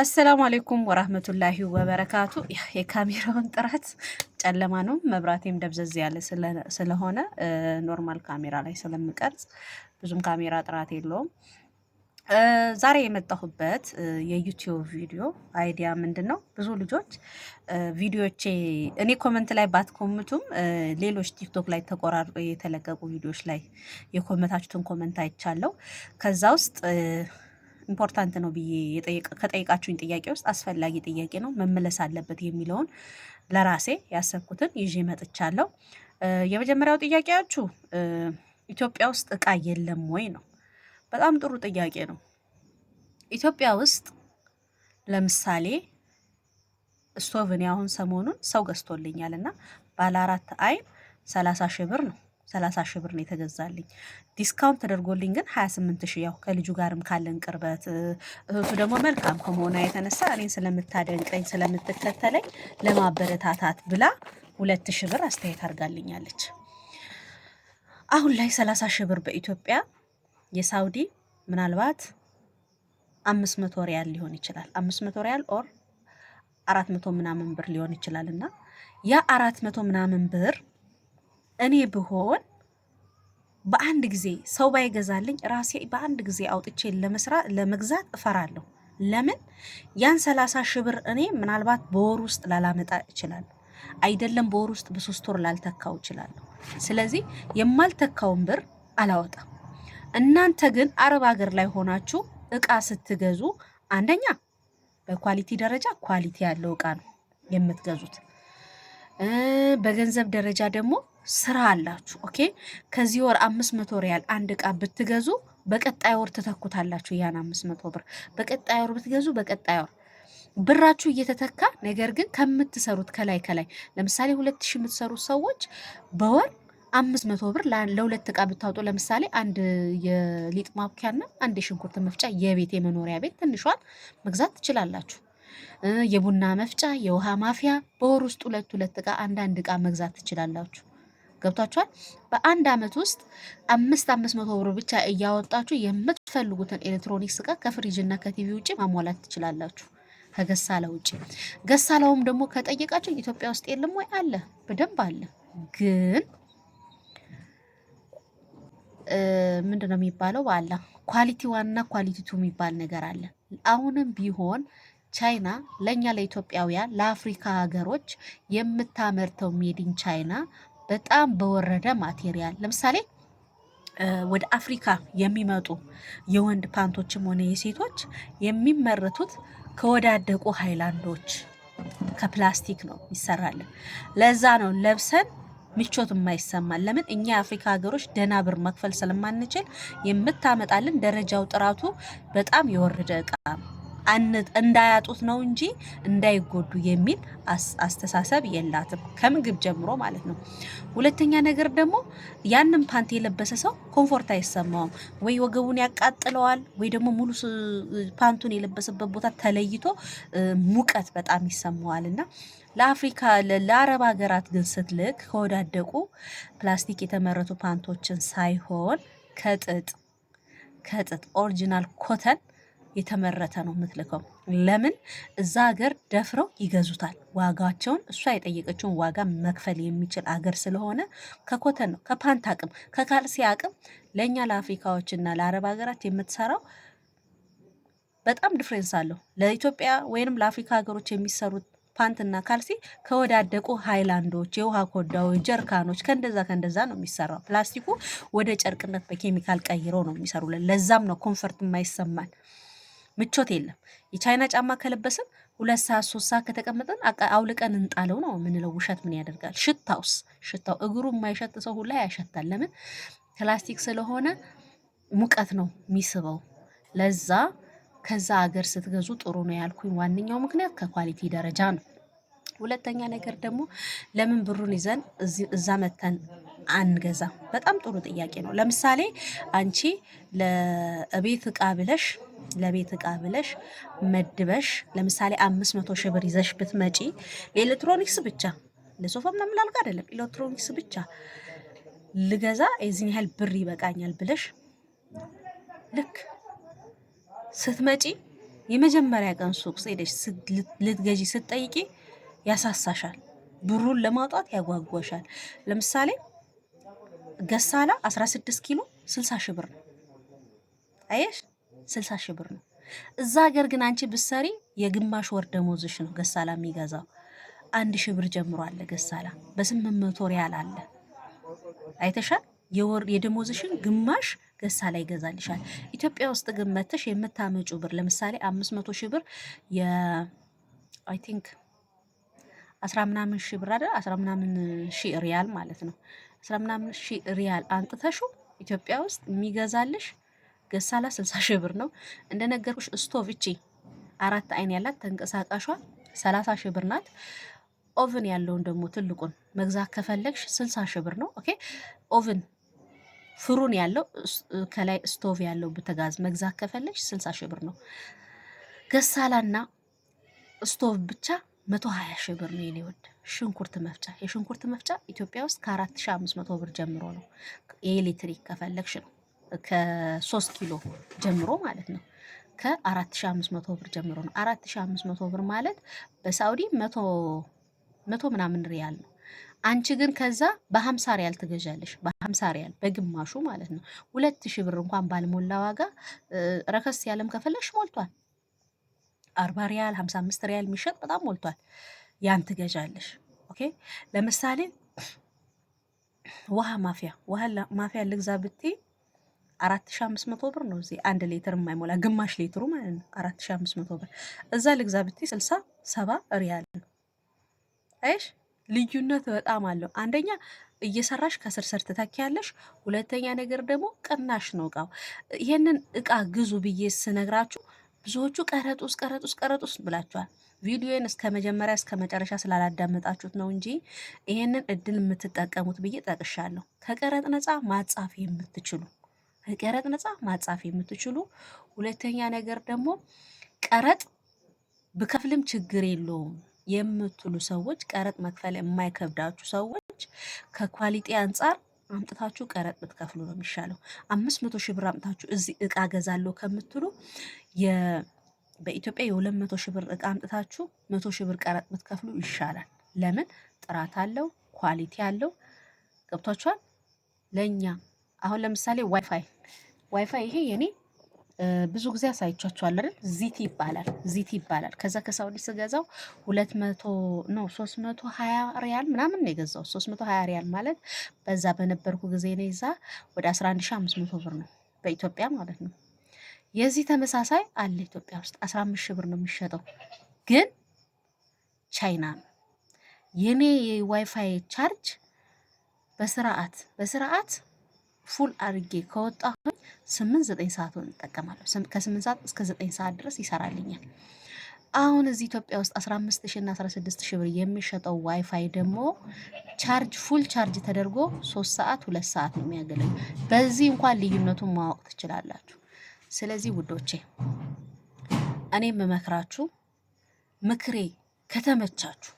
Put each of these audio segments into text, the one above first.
አሰላሙ አሌይኩም ወራህመቱላሂ ወበረካቱ። የካሜራውን ጥራት ጨለማ ነው፣ መብራቴም ደብዘዝ ያለ ስለሆነ ኖርማል ካሜራ ላይ ስለምቀርጽ ብዙም ካሜራ ጥራት የለውም። ዛሬ የመጣሁበት የዩቲዩብ ቪዲዮ አይዲያ ምንድን ነው? ብዙ ልጆች ቪዲዮቼ እኔ ኮመንት ላይ ባትኮምቱም ሌሎች ቲክቶክ ላይ ተቆራርጦ የተለቀቁ ቪዲዮዎች ላይ የኮመታችሁትን ኮመንት አይቻለው። ከዛ ውስጥ ኢምፖርታንት ነው ብዬ ከጠይቃችሁኝ ጥያቄ ውስጥ አስፈላጊ ጥያቄ ነው፣ መመለስ አለበት የሚለውን ለራሴ ያሰብኩትን ይዤ መጥቻለሁ። የመጀመሪያው ጥያቄያችሁ ኢትዮጵያ ውስጥ እቃ የለም ወይ ነው። በጣም ጥሩ ጥያቄ ነው። ኢትዮጵያ ውስጥ ለምሳሌ ስቶቭን አሁን ሰሞኑን ሰው ገዝቶልኛል እና ባለ አራት አይን ሰላሳ ሺህ ብር ነው ሰላሳ ሺህ ብር ነው የተገዛልኝ። ዲስካውንት ተደርጎልኝ ግን ሀያ ስምንት ሺህ ያው ከልጁ ጋርም ካለን ቅርበት እህቱ ደግሞ መልካም ከመሆኗ የተነሳ እኔን ስለምታደንቀኝ ስለምትከተለኝ ለማበረታታት ብላ ሁለት ሺህ ብር አስተያየት አድርጋልኛለች። አሁን ላይ ሰላሳ ሺህ ብር በኢትዮጵያ የሳውዲ ምናልባት አምስት መቶ ሪያል ሊሆን ይችላል። አምስት መቶ ሪያል ኦር አራት መቶ ምናምን ብር ሊሆን ይችላል እና ያ አራት መቶ ምናምን ብር እኔ ብሆን በአንድ ጊዜ ሰው ባይገዛልኝ ራሴ በአንድ ጊዜ አውጥቼ ለመስራት ለመግዛት እፈራለሁ። ለምን ያን ሰላሳ ሺህ ብር እኔ ምናልባት በወር ውስጥ ላላመጣ እችላለሁ፣ አይደለም በወር ውስጥ በሶስት ወር ላልተካው እችላለሁ። ስለዚህ የማልተካውን ብር አላወጣም። እናንተ ግን አረብ ሀገር ላይ ሆናችሁ እቃ ስትገዙ አንደኛ በኳሊቲ ደረጃ ኳሊቲ ያለው እቃ ነው የምትገዙት። በገንዘብ ደረጃ ደግሞ ስራ አላችሁ። ኦኬ ከዚህ ወር አምስት መቶ ሪያል አንድ እቃ ብትገዙ በቀጣይ ወር ትተኩታላችሁ። ያን አምስት መቶ ብር በቀጣይ ወር ብትገዙ በቀጣይ ወር ብራችሁ እየተተካ ነገር ግን ከምትሰሩት ከላይ ከላይ ለምሳሌ ሁለት ሺህ የምትሰሩት ሰዎች በወር አምስት መቶ ብር ለሁለት እቃ ብታወጡ ለምሳሌ አንድ የሊጥ ማብኪያና አንድ የሽንኩርት መፍጫ የቤት የመኖሪያ ቤት ትንሿን መግዛት ትችላላችሁ። የቡና መፍጫ፣ የውሃ ማፊያ በወር ውስጥ ሁለት ሁለት እቃ አንዳንድ እቃ መግዛት ትችላላችሁ። ገብቷችኋል። በአንድ አመት ውስጥ አምስት አምስት መቶ ብር ብቻ እያወጣችሁ የምትፈልጉትን ኤሌክትሮኒክስ እቃ ከፍሪጅና ከቲቪ ውጭ ማሟላት ትችላላችሁ። ከገሳላ ውጭ ገሳለውም ደግሞ ከጠየቃችሁ ኢትዮጵያ ውስጥ የለም ወይ? አለ፣ በደንብ አለ። ግን ምንድን ነው የሚባለው? አለ ኳሊቲ ዋንና ኳሊቲ ቱ የሚባል ነገር አለ። አሁንም ቢሆን ቻይና ለእኛ ለኢትዮጵያውያን ለአፍሪካ ሀገሮች የምታመርተው ሜዲን ቻይና በጣም በወረደ ማቴሪያል ለምሳሌ ወደ አፍሪካ የሚመጡ የወንድ ፓንቶችም ሆነ የሴቶች የሚመረቱት ከወዳደቁ ሃይላንዶች ከፕላስቲክ ነው ይሰራለን። ለዛ ነው ለብሰን ምቾት የማይሰማን። ለምን እኛ የአፍሪካ ሀገሮች ደህና ብር መክፈል ስለማንችል የምታመጣልን ደረጃው ጥራቱ በጣም የወረደ እቃ ነው። እንዳያጡት ነው እንጂ እንዳይጎዱ የሚል አስተሳሰብ የላትም፣ ከምግብ ጀምሮ ማለት ነው። ሁለተኛ ነገር ደግሞ ያንን ፓንት የለበሰ ሰው ኮምፎርት አይሰማውም፣ ወይ ወገቡን ያቃጥለዋል፣ ወይ ደግሞ ሙሉ ፓንቱን የለበሰበት ቦታ ተለይቶ ሙቀት በጣም ይሰማዋል እና ለአፍሪካ ለአረብ ሀገራት ግን ስትልክ ከወዳደቁ ፕላስቲክ የተመረቱ ፓንቶችን ሳይሆን ከጥጥ ከጥጥ ኦሪጂናል ኮተን የተመረተ ነው የምትልከው። ለምን እዛ ሀገር ደፍረው ይገዙታል። ዋጋቸውን እሷ የጠየቀችውን ዋጋ መክፈል የሚችል አገር ስለሆነ ከኮተን ነው ከፓንት አቅም ከካልሲ አቅም ለእኛ ለአፍሪካዎችና ለአረብ ሀገራት የምትሰራው በጣም ዲፍሬንስ አለው። ለኢትዮጵያ ወይንም ለአፍሪካ ሀገሮች የሚሰሩት ፓንትና ካልሲ ከወዳደቁ ሃይላንዶች፣ የውሃ ኮዳዎች፣ ጀርካኖች ከእንደዛ ከእንደዛ ነው የሚሰራው። ፕላስቲኩ ወደ ጨርቅነት በኬሚካል ቀይሮ ነው የሚሰሩ። ለዛም ነው ኮንፈርት የማይሰማን። ምቾት የለም። የቻይና ጫማ ከለበስን ሁለት ሰዓት ሶስት ሰዓት ከተቀመጠን አውልቀን እንጣለው ነው የምንለው። ውሸት ምን ያደርጋል? ሽታውስ ሽታው እግሩ የማይሸት ሰው ሁላ ያሸታል። ለምን? ፕላስቲክ ስለሆነ ሙቀት ነው የሚስበው። ለዛ ከዛ አገር ስትገዙ ጥሩ ነው ያልኩኝ ዋነኛው ምክንያት ከኳሊቲ ደረጃ ነው። ሁለተኛ ነገር ደግሞ ለምን ብሩን ይዘን እዛ መተን አንገዛ በጣም ጥሩ ጥያቄ ነው። ለምሳሌ አንቺ ለቤት እቃ ብለሽ ለቤት እቃ ብለሽ መድበሽ ለምሳሌ አምስት መቶ ሺህ ብር ይዘሽ ብትመጪ ለኤሌክትሮኒክስ ብቻ ለሶፋ ምናምን አይደለም፣ ኤሌክትሮኒክስ ብቻ ልገዛ የዚህን ያህል ብር ይበቃኛል ብለሽ ልክ ስትመጪ የመጀመሪያ ቀን ሱቅ ሄደሽ ልትገዢ ስትጠይቂ ያሳሳሻል፣ ብሩን ለማውጣት ያጓጓሻል። ለምሳሌ ገሳላ 16 ኪሎ 60 ሺህ ብር ነው። አየሽ? ስልሳ ሺህ ብር ነው። እዛ ሀገር ግን አንቺ ብትሰሪ የግማሽ ወር ደሞዝሽ ነው ገሳላ የሚገዛው። አንድ ሺህ ብር ጀምሮ አለ ገሳላ በስምንት መቶ ሪያል አለ አይተሻል። የወር የደሞዝሽን ግማሽ ገሳላ ይገዛልሻል። ኢትዮጵያ ውስጥ ግን መተሽ የምታመጩ ብር ለምሳሌ አምስት መቶ ሺህ ብር አይ ቲንክ አስራ ምናምን ሺህ ብር አይደል? አስራ ምናምን ሺህ ሪያል ማለት ነው። አስራ ምናምን ሺህ ሪያል አንጥተሹ ኢትዮጵያ ውስጥ የሚገዛልሽ ገሳላ 60 ሺህ ብር ነው። እንደነገርኩሽ ስቶቭ እቺ አራት አይን ያላት ተንቀሳቃሿ 30 ሺህ ብር ናት። ኦቭን ያለውን ደግሞ ትልቁን መግዛት ከፈለግሽ 60 ሺህ ብር ነው። ኦኬ ኦቭን ፍሩን ያለው ከላይ ስቶቭ ያለው ብትጋዝ መግዛት ከፈለግሽ 60 ሺህ ብር ነው። ገሳላና ስቶቭ ብቻ 120 ሺህ ብር ነው። የኔወድ ሽንኩርት መፍጫ የሽንኩርት መፍጫ ኢትዮጵያ ውስጥ ከ4500 ብር ጀምሮ ነው የኤሌክትሪክ ከፈለግሽ ነው። ከሶስት ኪሎ ጀምሮ ማለት ነው ከ4500 ብር ጀምሮ ነው። 4500 ብር ማለት በሳውዲ መቶ መቶ ምናምን ሪያል ነው። አንቺ ግን ከዛ በ50 ሪያል ትገዣለሽ። በ50 ሪያል በግማሹ ማለት ነው። ሁለት ሺህ ብር እንኳን ባልሞላ ዋጋ ረከስ ያለም ከፈለሽ ሞልቷል። 40 ሪያል፣ 55 ሪያል የሚሸጥ በጣም ሞልቷል። ያን ትገዣለሽ። ኦኬ ለምሳሌ ውሃ ማፊያ ውሃ ማፊያ ልግዛ ብትይ አራት አምስት መቶ ብር ነው። እዚህ አንድ ሌትር የማይሞላ ግማሽ ሌትሩ ማለት ነው። አራት አምስት መቶ ብር እዛ ልግዛ ብትይ ስልሳ ሰባ ሪያል ነው። አይሽ ልዩነት በጣም አለው። አንደኛ እየሰራሽ ከስር ስር ትተኪያለሽ። ሁለተኛ ነገር ደግሞ ቅናሽ ነው እቃው። ይሄንን እቃ ግዙ ብዬ ስነግራችሁ ብዙዎቹ ቀረጡስ ቀረጡስ ቀረጡስ ብላችኋል። ቪዲዮን እስከ መጀመሪያ እስከ መጨረሻ ስላላዳመጣችሁት ነው እንጂ ይሄንን እድል የምትጠቀሙት ብዬ ጠቅሻለሁ። ከቀረጥ ነፃ ማጻፍ የምትችሉ በቀረጥ ነፃ ማጻፍ የምትችሉ ሁለተኛ ነገር ደግሞ ቀረጥ ብከፍልም ችግር የለውም የምትሉ ሰዎች ቀረጥ መክፈል የማይከብዳችሁ ሰዎች ከኳሊቲ አንጻር አምጥታችሁ ቀረጥ ብትከፍሉ ነው የሚሻለው። አምስት መቶ ሺህ ብር አምጥታችሁ እዚህ እቃ ገዛለሁ ከምትሉ በኢትዮጵያ የሁለት መቶ ሺህ ብር እቃ አምጥታችሁ መቶ ሺህ ብር ቀረጥ ብትከፍሉ ይሻላል። ለምን? ጥራት አለው፣ ኳሊቲ አለው። ገብቷችኋል? ለእኛ አሁን ለምሳሌ ዋይፋይ ዋይፋይ ይሄ የኔ ብዙ ጊዜ አሳይቻችኋል አይደል? ዚቲ ይባላል ዚቲ ይባላል። ከዛ ከሳውዲ ስገዛው ሁለት መቶ ነው ሶስት መቶ ሀያ ሪያል ምናምን ነው የገዛው። ሶስት መቶ ሀያ ሪያል ማለት በዛ በነበርኩ ጊዜ ነው ይዛ ወደ አስራ አንድ ሺ አምስት መቶ ብር ነው በኢትዮጵያ ማለት ነው። የዚህ ተመሳሳይ አለ ኢትዮጵያ ውስጥ አስራ አምስት ሺ ብር ነው የሚሸጠው፣ ግን ቻይና ነው የኔ የዋይፋይ ቻርጅ በስርዓት በስርዓት ፉል አድርጌ ከወጣሁኝ ስምንት ዘጠኝ ሰዓቱን እጠቀማለሁ። ከስምንት ሰዓት እስከ ዘጠኝ ሰዓት ድረስ ይሰራልኛል። አሁን እዚህ ኢትዮጵያ ውስጥ 15 ሺ እና 16 ሺ ብር የሚሸጠው ዋይፋይ ደግሞ ቻርጅ ፉል ቻርጅ ተደርጎ ሶስት ሰዓት ሁለት ሰዓት ነው የሚያገለግለው። በዚህ እንኳን ልዩነቱን ማወቅ ትችላላችሁ። ስለዚህ ውዶቼ እኔ የምመክራችሁ ምክሬ ከተመቻችሁ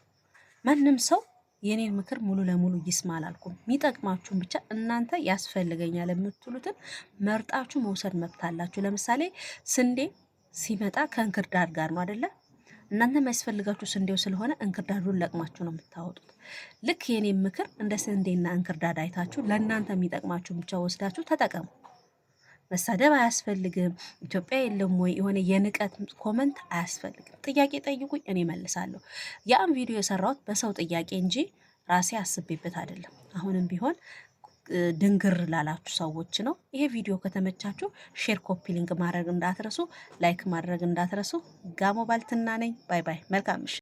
ማንም ሰው የኔን ምክር ሙሉ ለሙሉ ይስማ አላልኩም። የሚጠቅማችሁን ብቻ እናንተ ያስፈልገኛል የምትሉትን መርጣችሁ መውሰድ መብት አላችሁ። ለምሳሌ ስንዴ ሲመጣ ከእንክርዳድ ጋር ነው አደለ? እናንተ የሚያስፈልጋችሁ ስንዴው ስለሆነ እንክርዳዱን ለቅማችሁ ነው የምታወጡት። ልክ የኔን ምክር እንደ ስንዴና እንክርዳድ አይታችሁ ለእናንተ የሚጠቅማችሁን ብቻ ወስዳችሁ ተጠቀሙ። መሳደብ አያስፈልግም። ኢትዮጵያ የለም ወይ የሆነ የንቀት ኮመንት አያስፈልግም። ጥያቄ ጠይቁኝ፣ እኔ መልሳለሁ። ያም ቪዲዮ የሰራሁት በሰው ጥያቄ እንጂ ራሴ አስቤበት አይደለም። አሁንም ቢሆን ድንግር ላላችሁ ሰዎች ነው። ይሄ ቪዲዮ ከተመቻችሁ ሼር፣ ኮፒ ሊንክ ማድረግ እንዳትረሱ፣ ላይክ ማድረግ እንዳትረሱ። ጋሞ ባልትና ነኝ። ባይ ባይ። መልካም ምሽት።